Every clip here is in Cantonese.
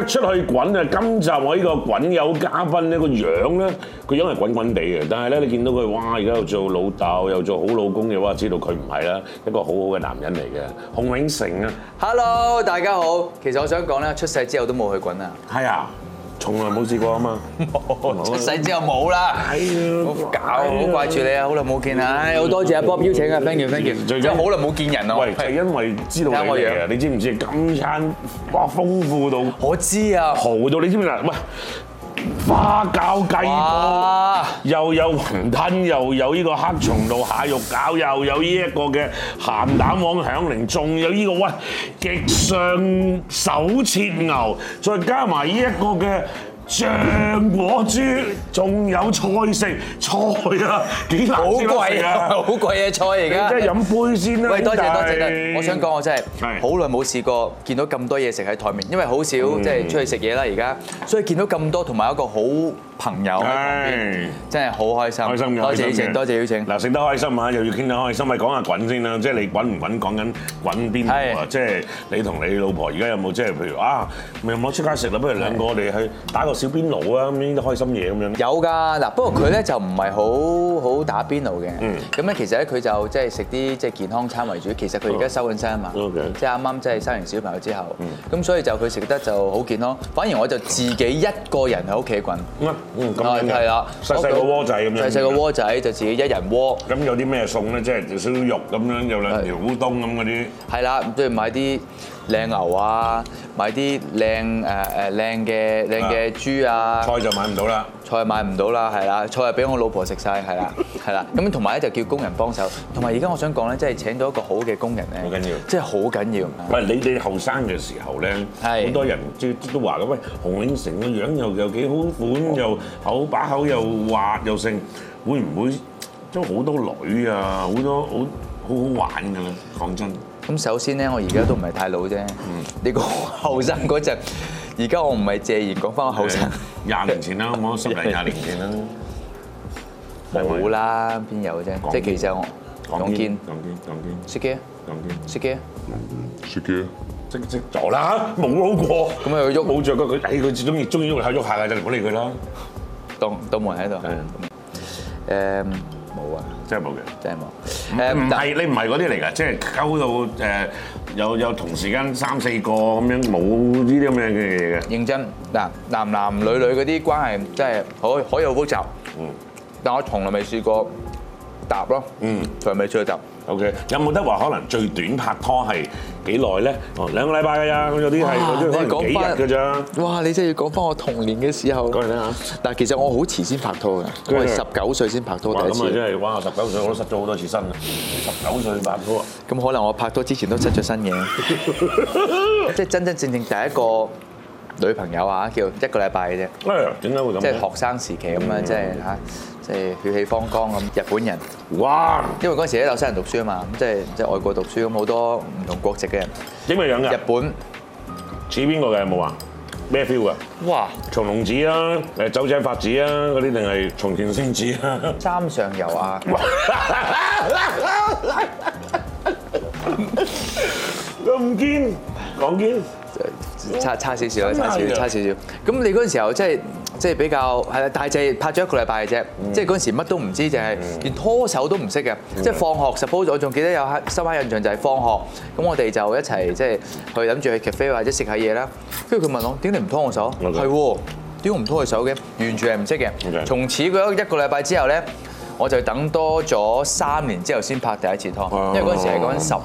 一出去滾啊！今集我呢個滾友嘉賓呢個樣咧，個樣係滾滾地嘅。但係咧，你見到佢哇，而家又做老豆，又做好老公嘅話，知道佢唔係啦，一個好好嘅男人嚟嘅。洪永城啊，Hello，大家好。其實我想講咧，出世之後都冇去滾啊。係啊。從來冇試過啊嘛，出世之後冇啦，好搞！好掛住你啊，好耐冇見啊，好多謝阿 Bob 邀請啊 Thank you, thank you, 我好耐冇見人啊，喂，就因為知道你嚟啊，你知唔知今餐哇豐富到，我知啊，豪到你知唔知啊？喂。花膠雞煲，哇 又有雲吞，又有呢個黑松露蟹肉餃，又有呢一個嘅鹹蛋黃響鈴，仲有呢個喂，極上手切牛，再加埋呢一個嘅。象果豬，仲有菜食菜啊！幾難食好貴啊！好貴嘅菜而家。即係飲杯先啦，喂，多謝多謝。我想講，我真係好耐冇試過見到咁多嘢食喺台面，因為好少即係出去食嘢啦，而家。所以見到咁多，同埋一個好朋友，真係好開心。開心嘅，多謝邀請，多謝邀請。嗱，食得開心啊，又要傾得開心，咪講下滾先啦。即係你滾唔滾？講緊滾邊度啊？即係你同你老婆而家有冇即係譬如啊，未我出街食啦，不如兩個我哋去打個。小邊爐啊，咁樣啲開心嘢咁樣。有㗎嗱，不過佢咧就唔係好好打邊爐嘅。嗯。咁咧其實咧佢就即係食啲即係健康餐為主。其實佢而家收緊生啊嘛。嗯、即係啱啱即係生完小朋友之後。咁、嗯、所以就佢食得就好健康。反而我就自己一個人喺屋企滾嗯。嗯，咁樣係係啦，細細個鍋仔咁樣。細細個鍋仔就自己一人鍋。咁有啲咩餸咧？即係少少肉咁樣，有兩條烏冬咁嗰啲。係啦，即係買啲靚牛啊。買啲靚誒誒靚嘅靚嘅豬啊！菜就買唔到啦，菜買唔到啦，係啦，菜係俾我老婆食晒。係啦，係啦。咁同埋咧就叫工人幫手，同埋而家我想講咧，即係請到一個好嘅工人咧，好緊要，即係好緊要。喂，你你後生嘅時候咧，係好多人即都話咁：「喂，洪永城個樣又又幾好款，哦、又口把口又滑又剩，會唔會都好多女啊，好多好好好玩嘅咧？講真。咁首先咧，我而家都唔係太老啫。嗯、mm。Hmm. 你個後生嗰陣，而家我唔係謝賢講翻我後生。廿年前啦，我十年廿年前啦。冇啦，邊有啫？即係其實我講堅。講堅，講堅。識嘅。講堅。識嘅。嗯，識嘅。識咗啦，冇老過。咁啊，喐冇着㗎，佢誒佢最中意中意喐下喐下㗎，就唔好理佢啦。當當門喺度。係真係冇嘅，真係冇。誒唔係你唔係嗰啲嚟㗎，即係溝到誒、呃、有有同時間三四個咁樣，冇呢啲咁樣嘅嘢嘅。認真嗱，男男女女嗰啲關係、嗯、真係可可以好複雜。嗯。但我從來未試過搭咯。嗯，從出去。從未試過搭。O K。有冇得話可能最短拍拖係？幾耐咧？哦，兩個禮拜㗎咋？咁有啲係講翻幾日嘅啫。哇！你真係要講翻我童年嘅時候。講嚟聽下。嗱，其實我好遲先拍拖嘅，的我係十九歲先拍拖哇第一次。哇！咁啊，真係哇！十九歲我都失咗好多次身。十九歲拍拖啊？咁可能我拍拖之前都失咗身嘅，即係 真真正正，正正第一個女朋友啊，叫一個禮拜嘅啫，誒點解會咁？即係學生時期咁啊，即係嚇，即係血氣方剛咁。日本人哇，因為嗰陣時喺紐西蘭讀書啊嘛，咁即係即係外國讀書，咁好多唔同國籍嘅人，英美樣嘅日本似邊個嘅有冇啊？咩 feel 啊？哇，松龍寺，松隆子啊，誒酒井法子啊，嗰啲定係松田聖子啊？三上游啊？我唔見講見。差差少少啦，差少少，差少少。咁你嗰陣時候即係即係比較係啦，大隻拍咗一個禮拜嘅啫，嗯、即係嗰陣時乜都唔知，就係、淨係、連拖手都唔識嘅。即係、嗯、放學，suppose、嗯、我仲記得有刻深刻印象就係放學，咁我哋就一齊即係去諗住去 cafe 或者食下嘢啦。跟住佢問我：點解你唔拖我手？係喎，點解唔拖佢手嘅？完全係唔識嘅。嗯、從此一個禮拜之後咧。我就等多咗三年之後先拍第一次拖，因為嗰時係講緊十五、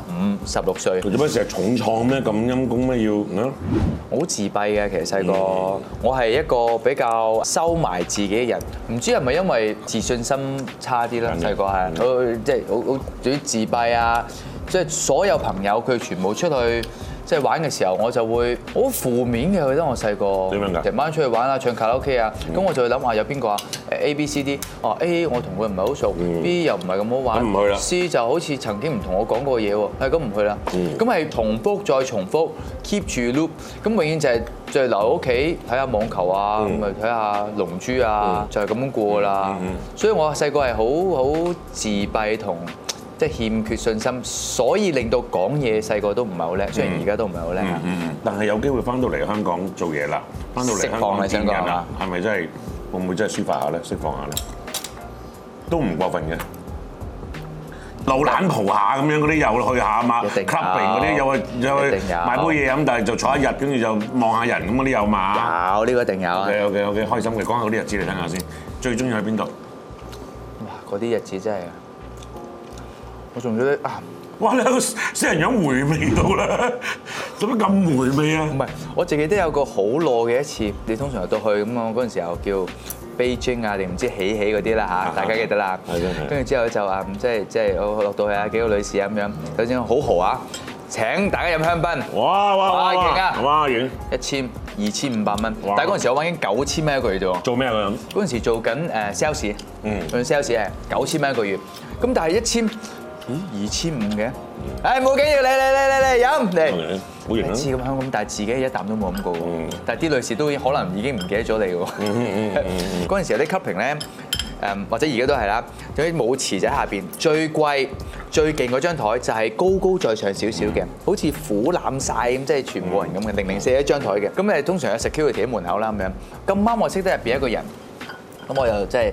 十六歲。做乜成日重創咩？咁陰功咩？要我好、嗯、自閉嘅，其實細個我係一個比較收埋自己嘅人。唔知係咪因為自信心差啲啦？細個係，即係好好對於自閉啊，即、就、係、是、所有朋友佢全部出去。即係玩嘅時候，我就會好負面嘅。記得我細個成晚出去玩啊，唱卡拉 OK 啊，咁我就會諗話有邊個啊 A、B、C、D 哦 A 我同佢唔係好熟、嗯、，B 又唔係咁好玩，唔去啦，C 就好似曾經唔、嗯、同我講過嘢喎，係咁唔去啦。咁係重複再重複，keep 住 loop，咁永遠就係就係留喺屋企睇下網球啊，咁咪睇下龍珠啊，嗯、就係咁樣過啦。所以我細個係好好自閉同。即係欠缺信心，所以令到講嘢細個都唔係好叻，雖然而家都唔係好叻。嗯嗯。但係有機會翻到嚟香港做嘢啦，翻到嚟香港係咪真㗎？係咪真係會唔會真係抒發下咧？釋放下咧？都唔過分嘅，老卵蒲下咁樣嗰啲又去下啊嘛，clubbing 嗰啲又去又去買杯嘢飲，但係就坐一日，跟住就望下人咁啊啲有嘛。有呢個一定有啊！OK OK OK，開心嘅，講下嗰啲日子嚟聽下先。最中意喺邊度？嗱，嗰啲日子真係～我仲覺得啊！哇，你有個死人樣回味到啦，做乜咁回味啊？唔係，我記記得有個好耐嘅一次。你通常入到去咁，我嗰陣時候叫 Beijing 啊，定唔知喜喜嗰啲啦嚇，大家記得啦。係跟住之後就啊，即係即係落到去啊幾個女士咁樣，首先好豪啊，請大家飲香檳。哇哇哇！哇完一千二千五百蚊。但係嗰陣時我揾緊九千蚊一個月做。做咩嗰陣時？做緊誒 sales。做 sales 係九千蚊一個月，咁、嗯、但係一千。咦，二千五嘅？誒，冇緊要，嚟嚟嚟嚟嚟飲嚟，好似咁香咁，但係自己一啖都冇咁過喎。但係啲女士都可能已經唔記得咗你喎。嗰陣時啲 clubbing 咧，誒或者而家都係啦，有啲舞池仔下邊最貴最勁嗰張台就係高高在上少少嘅，好似俯覽晒咁，即係全部人咁嘅，零零四一張台嘅。咁誒通常有 security 喺門口啦咁樣，咁啱我識得入邊一個人，咁我又即係。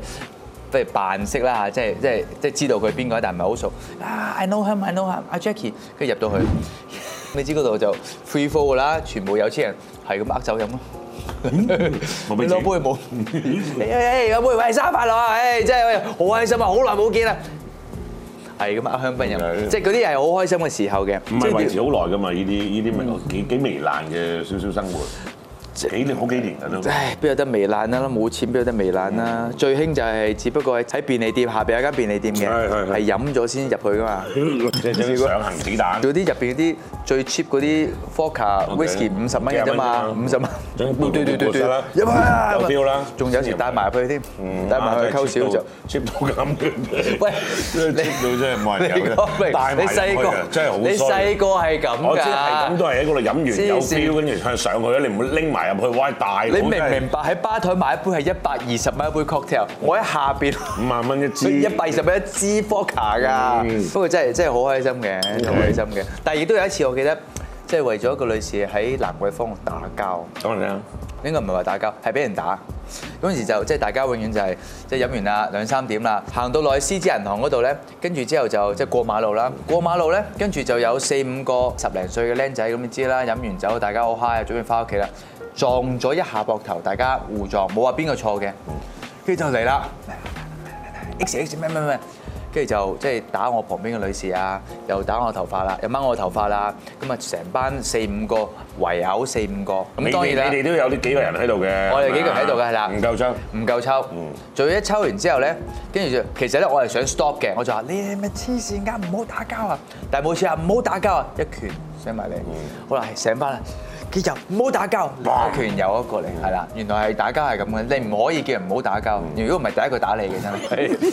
即係扮識啦嚇，即係即係即係知道佢邊個，但係唔係好熟。啊，I know him，I know him，阿 Jacky。跟住入到去，你 知嗰度就 free fall 啦，全部有錢人係咁呃酒飲咯。攞杯冇，哎哎哎，攞杯喂，三八六啊，哎真係好開心啊，好耐冇見啦。係咁呃香檳飲，即係嗰啲係好開心嘅時候嘅。唔係維持好耐㗎嘛？呢啲呢啲咪幾幾糜爛嘅少少生活。幾年好幾年噶啦，邊有得糜爛啦？冇錢邊有得糜爛啦？最興就係，只不過喺便利店下邊有一間便利店嘅，係飲咗先入去噶嘛。即係上子彈。嗰啲入邊嗰啲最 cheap 嗰啲伏特加威士忌五十蚊嘅啫嘛，五十蚊。對對對對，有標啦。仲有時帶埋去添，帶埋去溝少就 cheap 到咁喂，cheap 到真係冇人飲嘅。大細個真係好你細個係咁㗎？我咁，都係喺嗰度飲完有標，跟住向上去咯。你唔會拎埋。入去玩大，你明唔明白？喺吧台買一杯係一百二十蚊一杯 cocktail，嗯、我喺下邊五萬蚊一支，一百二十蚊一支 o 伏卡噶。嗯、不過真係真係好開心嘅，好開心嘅。嗯、但係亦都有一次，我記得即係為咗一個女士喺蘭桂坊打交。講嚟聽。應該唔係話打架，係俾人打。嗰陣時就即係大家永遠就係即係飲完啦兩三點啦，行到內獅子銀行嗰度咧，跟住之後就即係過馬路啦。過馬路咧，跟住就有四五個十零歲嘅僆仔咁你知啦。飲完酒大家好 high，準備翻屋企啦，撞咗一下膊頭，大家互撞，冇話邊個錯嘅。跟住就嚟啦，X X 咩咩咩。跟住就即係打我旁邊嘅女士啊，又打我頭髮啦，又掹我頭髮啦。咁啊，成班四五個圍毆四五個。咁你當然你哋都有呢幾個人喺度嘅。我哋幾個人喺度嘅係啦。唔夠抽，唔夠抽。嗯。做一抽完之後咧，跟住就其實咧，我係想 stop 嘅。我就話：你係咪黐線㗎？唔好打交啊！但係冇事啊，唔好打交啊！一拳醒埋嚟！嗯、好啦，醒翻啦。叫人唔好打交，霸權又一個嚟，係啦。原來係打交係咁嘅，你唔可以叫人唔好打交。如果唔係，第一個打你嘅真係。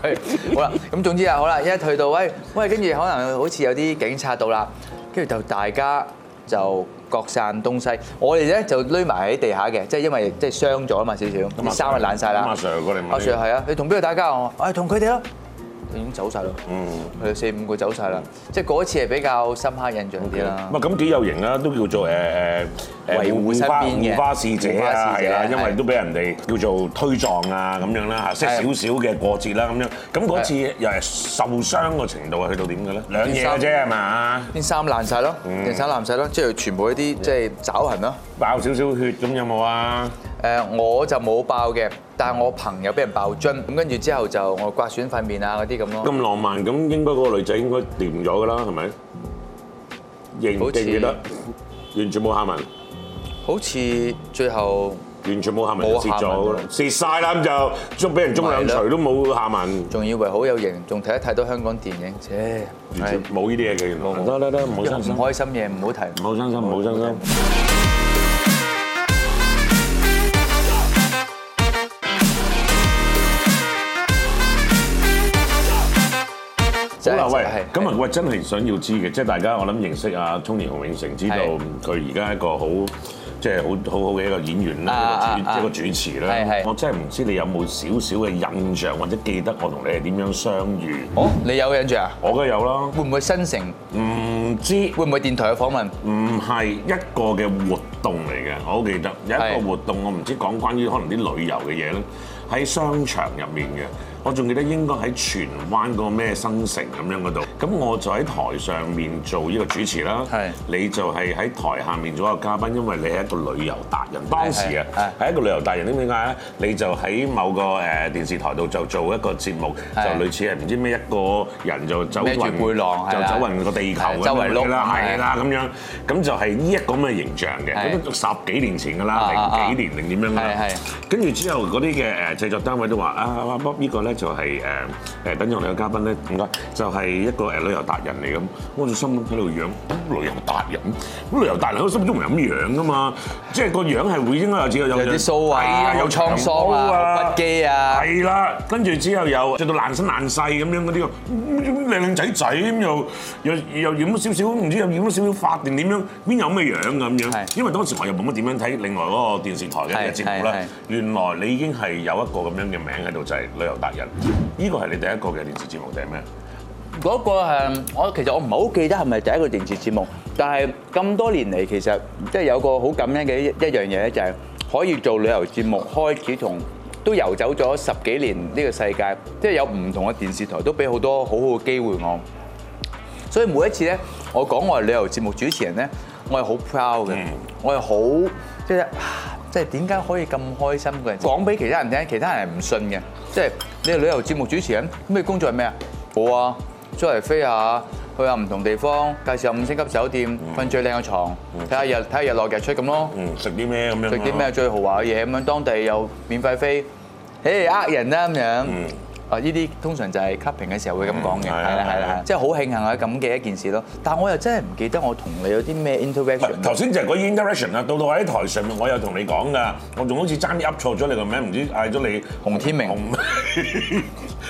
係，好啦。咁總之啊，好啦，一退到，喂喂，跟住可能好似有啲警察到啦，跟住就大家就各散東西。我哋咧就匿埋喺地下嘅，即係因為即係傷咗啊嘛，少少啲衫又爛晒啦。阿 Sir 過嚟問，阿 Sir 係啊，你同邊個打交啊？我係同佢哋咯。已經走曬咯，嗯，係四五個走曬啦，即係嗰一次係比較深刻印象啲啦。唔係咁幾有型啊，都叫做誒誒誒護花護花使者啊，係啦，因為都俾人哋叫做推撞啊咁樣啦嚇，即係少少嘅過節啦咁樣。咁嗰次又係受傷嘅程度係去到點嘅咧？兩嘢啫係嘛？啲衫爛曬咯，啲衫爛曬咯，即係全部一啲即係爪痕咯。爆少少血咁有冇啊？誒，我就冇爆嘅。但係我朋友俾人爆樽，咁跟住之後就我刮損塊面啊、嗰啲咁咯。咁浪漫咁，應該嗰個女仔應該掂咗㗎啦，係咪？認，認唔記得，完全冇下文。好似最後完全冇下文，就蝕咗，蝕晒啦，咁就捉俾人中兩除都冇下文。仲以為好有型，仲睇得太多香港電影，切完全冇呢啲嘢嘅原來。唔好，唔好心，唔開心嘢唔好提，唔好傷心，唔好傷心。啦，喂，咁啊，喂，真係想要知嘅，即係是 大家我諗認識阿 Tony 洪永城，知道佢而家一個、就是、好，即係好好好嘅一個演員啦，即係、啊、個主持啦。我真係唔知你有冇少少嘅印象，或者記得我同你係點樣相遇？哦，你有印象啊？我嘅有啦。會唔會新城？唔知會唔會電台嘅訪問？唔係一個嘅活動嚟嘅，我記得有一個活動，是的 我唔知講關於可能啲旅遊嘅嘢咧，喺商場入面嘅。我仲記得應該喺荃灣個咩新城咁樣嗰度，咁我就喺台上面做呢個主持啦。係，你就係喺台下面做個嘉賓，因為你係一個旅遊達人。當時啊，係一個旅遊達人點解咧？你就喺某個誒電視台度就做一個節目，就類似係唔知咩一個人就走住背囊，就走勻個地球周圍啦，係啦咁樣。咁就係呢一個咁嘅形象嘅，咁十幾年前噶啦，零幾年定點樣？跟住之後嗰啲嘅誒製作單位都話啊，乜依個咧？就係誒誒，等住我哋嘅嘉賓咧點解？就係一個誒旅遊達人嚟咁，我心喺度養旅遊達人，咁旅遊達人我心都唔係咁樣噶嘛，即係個樣係會應該有自己有啲鬚啊，有滄桑，啊，鬢鬚啊，係啦、啊，跟住、嗯啊、之後又著到爛身爛世咁樣嗰啲，靚靚仔仔咁又又又染咗少少，唔知又染咗少少髮定點樣，邊有咁嘅樣咁樣？是因為當時我又冇乜點樣睇另外嗰個電視台嘅節目啦，原來你已經係有一個咁樣嘅名喺度，就係、是、旅遊達人。呢個係你第一個嘅電視節目定係咩？嗰個係，我其實我唔係好記得係咪第一個電視節目。但係咁多年嚟，其實即係有個好感恩嘅一一樣嘢咧，就係可以做旅遊節目，開始從都遊走咗十幾年呢個世界，即係有唔同嘅電視台都俾好多好好嘅機會我。所以每一次咧，我講我係旅遊節目主持人咧，我係好 proud 嘅，我係好即係。即係點解可以咁開心嘅？講俾其他人聽，其他人係唔信嘅。即係你係旅遊節目主持人，咁你工作係咩啊？我啊，出嚟飛下，去下唔同地方，介紹五星級酒店，瞓最靚嘅床，睇下日睇下日落日出咁咯。嗯，食啲咩咁樣？食啲咩最豪華嘅嘢咁樣，當地又免費飛，誒呃人啦咁樣。嗯啊！呢啲通常就係 cut 評嘅時候會咁講嘅，係啦係啦係，即係好慶幸喺咁嘅一件事咯。但係我又真係唔記得我同你有啲咩 interaction。頭先就講 interaction 啦，到到喺台上面，我有同你講㗎，我仲好似爭啲噏錯咗你個名，唔知嗌咗你洪天明，洪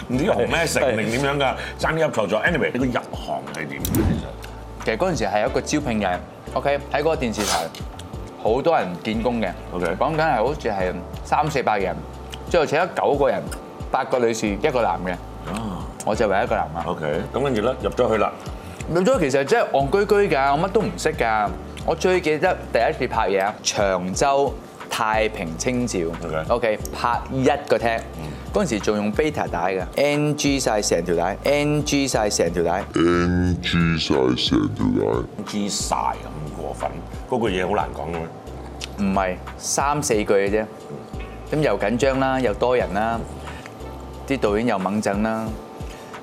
唔知洪咩成，唔明點樣㗎，爭啲噏錯咗。anyway，呢個入行係點嘅其實？其實嗰時係一個招聘人，OK，喺嗰個電視台，好多人見工嘅，OK，講緊係好似係三四百人，最後請咗九個人。八個女士，一個男嘅。啊，我就唯一一個男啊。OK，咁跟住咧入咗去啦。入咗其實真係戇居居㗎，我乜都唔識㗎。我最記得第一次拍嘢長洲太平清醮。OK，OK，拍一個廳。嗰陣時仲用 beta 帶㗎，NG 曬成條帶，NG 曬成條帶，NG 曬成條帶，NG 曬咁過分，嗰個嘢好難講㗎。唔係三四句嘅啫，咁又緊張啦，又多人啦。啲導演又猛震啦，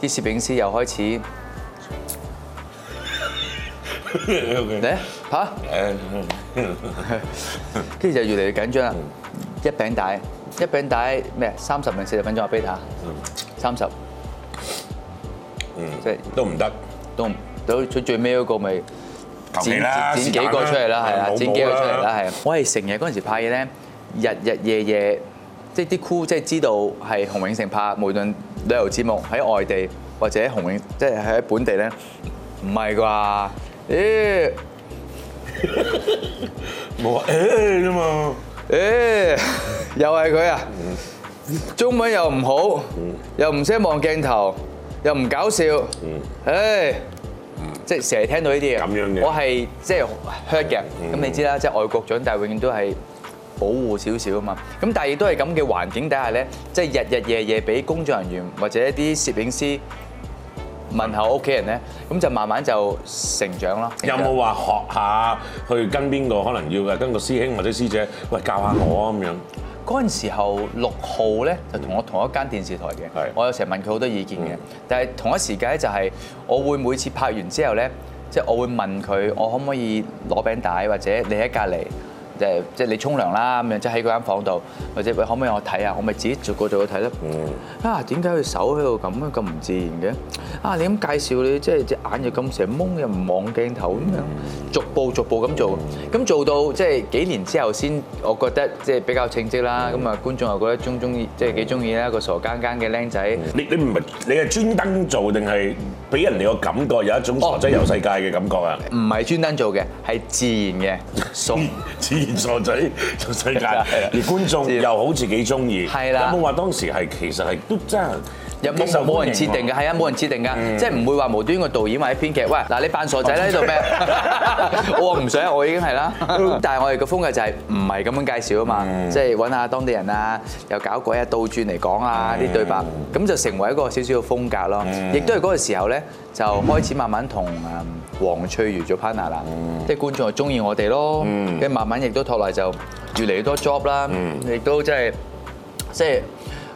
啲攝影師又開始嚟嚇，跟住就越嚟越緊張啦。一餅帶，一餅帶咩？三十秒、四十分鐘啊，Peter，三十，嗯，即係都唔得，都唔到最最尾嗰個咪剪啦，剪幾個出嚟啦，係啊，剪幾個出嚟啦，係。我係成日嗰陣時拍嘢咧，日日夜夜。即係啲 Cool，即係知道係洪永城拍，無論旅遊節目喺外地或者洪永，即係喺本地咧，唔係啩？誒，冇啊，啫嘛，誒，又係佢啊？中文又唔好，又唔識望鏡頭，又唔搞笑，誒，即係成日聽到呢啲嘢。咁樣嘅，我係即係 hurt 嘅。咁你知啦，即係外國長大，永遠都係。保護少少啊嘛，咁但係亦都係咁嘅環境底下咧，即係日日夜夜俾工作人員或者一啲攝影師問候屋企人咧，咁就慢慢就成長咯。長有冇話學下去跟邊個？可能要跟個師兄或者師姐喂教下我啊？咁樣。嗰陣時候六號咧就同我同一間電視台嘅，是我有成日問佢好多意見嘅。嗯、但係同一時間就係、是、我會每次拍完之後咧，即、就、係、是、我會問佢我可唔可以攞餅帶或者你喺隔離。即係即係你沖涼啦咁樣，即係喺嗰間房度，或者喂可唔可以我睇下啊？我咪自己逐個逐個睇咯。嗯、啊，點解佢手喺度咁咁唔自然嘅？啊，你咁介紹你即係隻眼又咁成蒙又唔望鏡頭咁樣，逐步逐步咁做，咁做到即係、就是、幾年之後先，我覺得即係、就是、比較稱職啦。咁啊，觀眾又覺得鍾鍾意，即係幾鍾意啦，一、個傻更更嘅靚仔。你你唔係你係專登做定係俾人哋個感覺有一種傻仔遊世界嘅感覺啊？唔係、哦、專登做嘅，係自然嘅， 傻仔個世界， 而觀眾又好似幾鍾意，有冇話當時係其實係都真有冇人冇人設定嘅係啊？冇人設定噶，即係唔會話無端個導演或者編劇。喂，嗱，你扮傻仔啦呢度咩？我話唔想，我已經係啦。但係我哋個風格就係唔係咁樣介紹啊嘛，即係揾下當地人啊，又搞鬼啊，倒轉嚟講啊啲對白，咁就成為一個少少嘅風格咯。亦都係嗰個時候咧，就開始慢慢同啊黃翠如做 partner 啦，即係觀眾就中意我哋咯，跟住慢慢亦都拖來就越嚟越多 job 啦，亦都即係即係。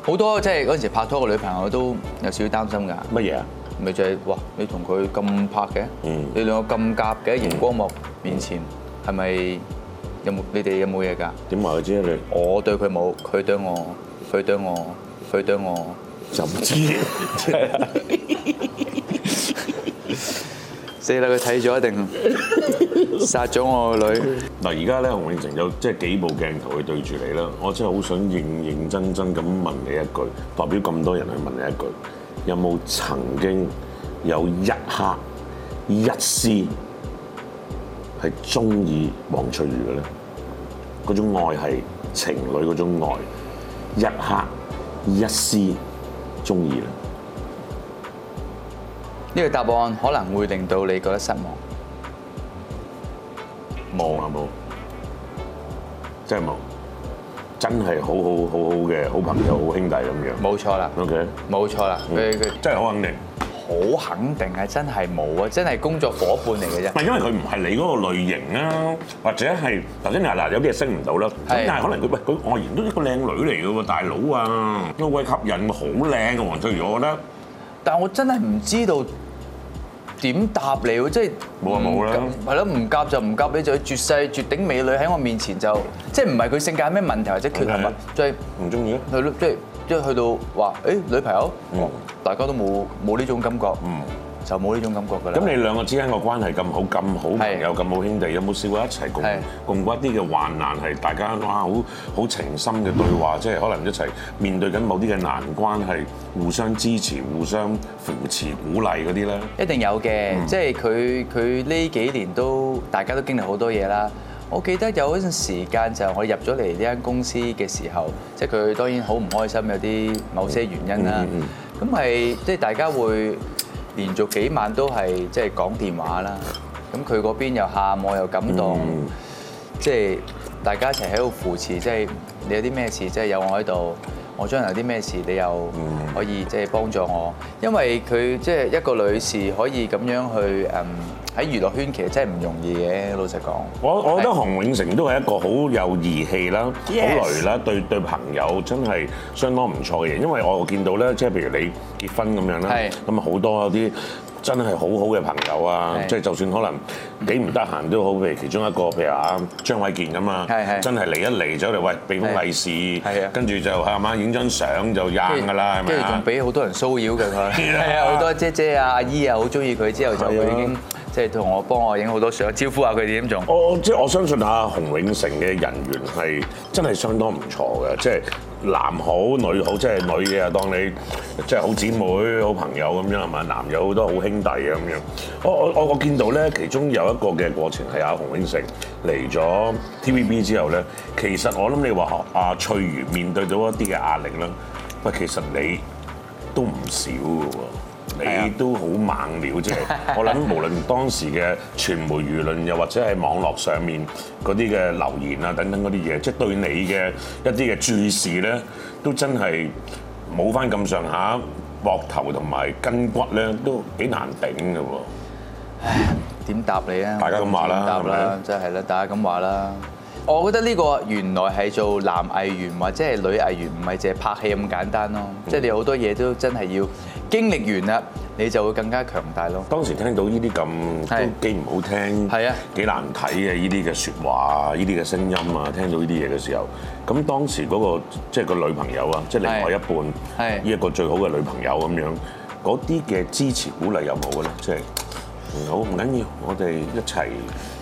好多即係嗰陣時拍拖嘅女朋友都有少少擔心㗎。乜嘢啊？咪就係、是、哇！你同佢咁拍嘅，嗯、你兩個咁夾嘅熒光幕面前，係咪、嗯、有冇你哋有冇嘢㗎？點話佢知啊？你我對佢冇，佢對我，佢對我，佢對我，就唔知。四樓佢睇咗一定。殺咗我個女。嗱，而家咧，洪永城有即係幾部鏡頭去對住你啦。我真係好想認認真真咁問你一句，代表咁多人去問你一句，有冇曾經有一刻一絲係中意黃翠如嘅咧？嗰種愛係情侶嗰種愛，一刻一絲中意咧？呢個答案可能會令到你覺得失望。望係冇，真係冇，真係好好好好嘅好朋友、好，好兄弟咁樣。冇錯啦。O K 的。冇錯啦。佢佢，嗯、真係好肯，肯定。好肯定啊！真係冇啊！真係工作伙伴嚟嘅啫。唔係因為佢唔係你嗰個類型啊，或者係頭先嗱，真係嗱，有啲嘢識唔到啦。咁是 但係可能佢喂佢外形都一個靚女嚟嘅喎，大佬啊，都好吸引，好靚嘅黃翠如。我覺得。但我真係唔知道。點答你喎？即係冇就冇啦、嗯，係咯，唔夾就唔夾。你就要、是、絕世絕頂美女喺我面前就，即係唔係佢性格咩問題或者缺陷啊？即係唔中意咯，係咯，即係即係去到話，誒、欸、女朋友，嗯、大家都冇冇呢種感覺，嗯。就冇呢種感覺㗎啦。咁你兩個之間個關係咁好，咁好朋友，咁好兄弟，有冇試過一齊共共過一啲嘅患難？係大家哇，好好情深嘅對話，即係可能一齊面對緊某啲嘅難關，係互相支持、互相扶持、鼓勵嗰啲咧。一定有嘅，即係佢佢呢幾年都大家都經歷好多嘢啦。我記得有一陣時間就我入咗嚟呢間公司嘅時候，即係佢當然好唔開心，有啲某些原因啦。咁係即係大家會。連續幾晚都係即係講電話啦，咁佢嗰邊又喊我又感動，即係，嗯，大家一齊喺度扶持，即係你有啲咩事，即係有我喺度。我將來有啲咩事，你又可以即係幫助我，嗯、因為佢即係一個女士可以咁樣去誒喺、嗯、娛樂圈，其實真係唔容易嘅。老實講，我我覺得洪永城都係一個好有義氣啦，好雷啦，對對朋友真係相當唔錯嘅。因為我見到咧，即係譬如你結婚咁樣啦，咁好是多嗰啲。真係好好嘅朋友啊！即係就算可能幾唔得閒都好，譬如其中一個譬如阿張衛健咁啊，是的 真係嚟一嚟就嚟喂避風避事，是的 跟住就係咪啊影張相就癮㗎啦係咪啊？跟住仲俾好多人騷擾佢，係啊，好多姐姐啊、阿姨啊好中意佢，之後就佢已經即係同我幫我影好多相，招呼下佢點做。我我即係我相信阿洪永城嘅人緣係真係相當唔錯嘅，即係。男好女好，即係女嘅當你即係好姊妹、好朋友咁樣係嘛？男友好多好兄弟咁樣。我我我我見到咧，其中有一個嘅過程係阿、啊、洪永城嚟咗 TVB 之後咧，其實我諗你話阿、啊、翠如面對到一啲嘅壓力啦，喂，其實你都唔少嘅喎。你都好猛料，即係我諗，無論當時嘅傳媒輿論，又或者喺網絡上面嗰啲嘅留言啊，等等嗰啲嘢，即係 對你嘅一啲嘅注視咧， 都真係冇翻咁上下膊頭同埋筋骨咧，都幾難頂㗎喎。點答你啊？大家咁話啦，咁啦，即係啦，大家咁話啦。我覺得呢、這個原來係做男藝員或者係女藝員，唔係淨係拍戲咁簡單咯。嗯、即係你好多嘢都真係要經歷完啦，你就會更加強大咯。當時聽到呢啲咁都幾唔好聽、是是啊、幾難睇嘅呢啲嘅説話、呢啲嘅聲音啊，聽到呢啲嘢嘅時候，咁當時嗰、那個即係、就是、個女朋友啊，即、就、係、是、另外一半，呢一個最好嘅女朋友咁樣，嗰啲嘅支持鼓勵又冇嘅啦，即、就是嗯、係好唔緊要，我哋一齊。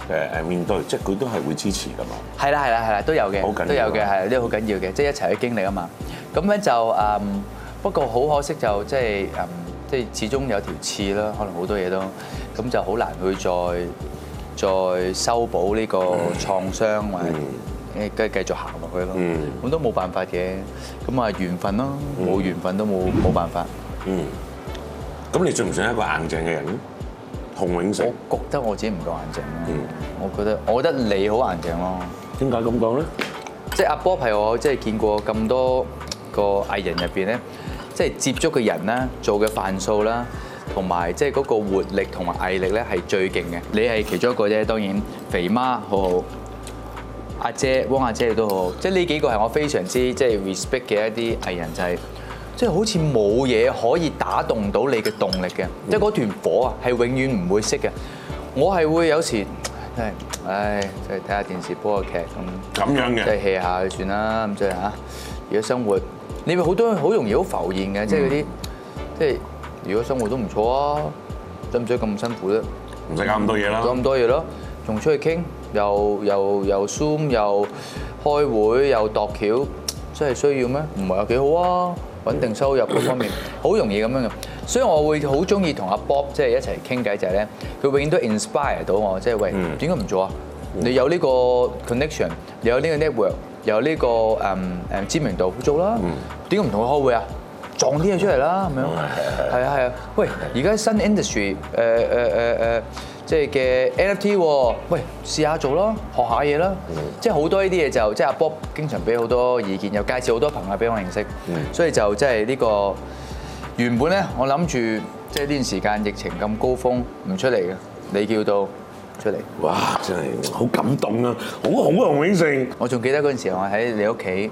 嘅誒面對，即係佢都係會支持噶嘛？係啦係啦係啦，都有嘅，都有嘅，係呢個好緊要嘅，即係一齊去經歷啊嘛。咁樣就誒，不過好可惜就即係誒，即係始終有條刺啦，可能好多嘢都咁就好難去再再修補呢個創傷，或者繼繼續行落去咯。咁都冇辦法嘅，咁啊緣分咯，冇緣分都冇冇辦法。嗯，咁你算唔算一個硬淨嘅人咧？洪永城，我覺得我自己唔夠硬淨，啊、嗯，我覺得，我覺得你好硬淨咯，啊。點解咁講咧？即係阿波 o 係我即係見過咁多個藝人入邊咧，即係接觸嘅人啦，做嘅範數啦，同埋即係嗰、那個活力同埋毅力咧係最勁嘅。你係其中一個啫。當然，肥媽好好，阿姐汪阿姐都好好。即係呢幾個係我非常之即係 respect 嘅一啲藝人就係、是。即係好似冇嘢可以打動到你嘅動力嘅，即係嗰團火啊，係永遠唔會熄嘅。我係會有時，真係，唉，即係睇下電視播個劇咁，咁樣嘅，即係 hea 下佢算啦。咁即係吓，如果生活你咪好多好容易好浮現嘅，即係嗰啲，即係如果生活都唔錯啊，使唔使咁辛苦咧？唔使搞咁多嘢啦。搞咁多嘢咯，仲出去傾又又又 Zoom 又開會又度橋，真係需要咩？唔係有幾好啊！穩定收入嗰方面好容易咁樣嘅，所以我會好中意同阿 Bob 即係一齊傾偈就係咧，佢永遠都 inspire 到我，即係喂，點解唔做啊？你有呢個 connection，你有呢個 network，又有呢個誒誒知名度，做啦，點解唔同佢開會啊？撞啲嘢出嚟啦，咁樣，係啊係啊，喂，而家新 industry，誒、呃、誒誒、呃、誒、呃呃，即係嘅 NFT，喂，試下做咯，學下嘢啦，嗯、即係好多呢啲嘢就，即係阿 Bob 經常俾好多意見，又介紹好多朋友俾我認識，嗯、所以就即係呢個原本咧，我諗住即係呢段時間疫情咁高峰唔出嚟嘅，你叫到出嚟，哇，真係好感動啊，好紅啊永城，我仲記得嗰陣時我喺你屋企。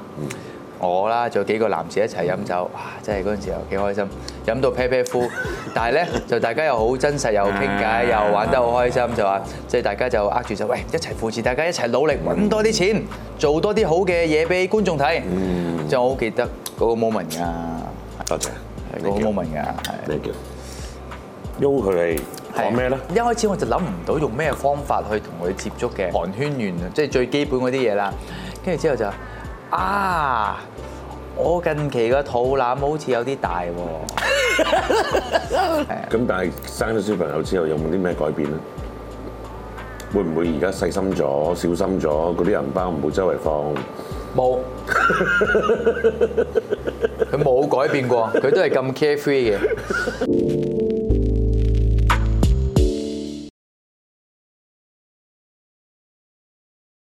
我啦，仲有幾個男士一齊飲酒，哇！真係嗰陣時又幾開心，飲到啤啤呼，但係咧就大家又好真實，又傾偈，又玩得好開心，就話即係大家就握住手，喂，一齊扶持，大家一齊努力揾多啲錢，做多啲好嘅嘢俾觀眾睇，真係、嗯、好記得嗰個 moment 噶。多謝，謝，嗰個 moment 噶。你叫喐佢哋玩咩咧？一開始我就諗唔到用咩方法去同佢接觸嘅寒暄完，即係最基本嗰啲嘢啦。跟住之後就。啊！我近期個肚腩好似有啲大喎。咁但係生咗小朋友之後有冇啲咩改變咧？會唔會而家細心咗、小心咗？嗰啲銀包唔會周圍放。冇。佢冇改變過，佢都係咁 carefree 嘅。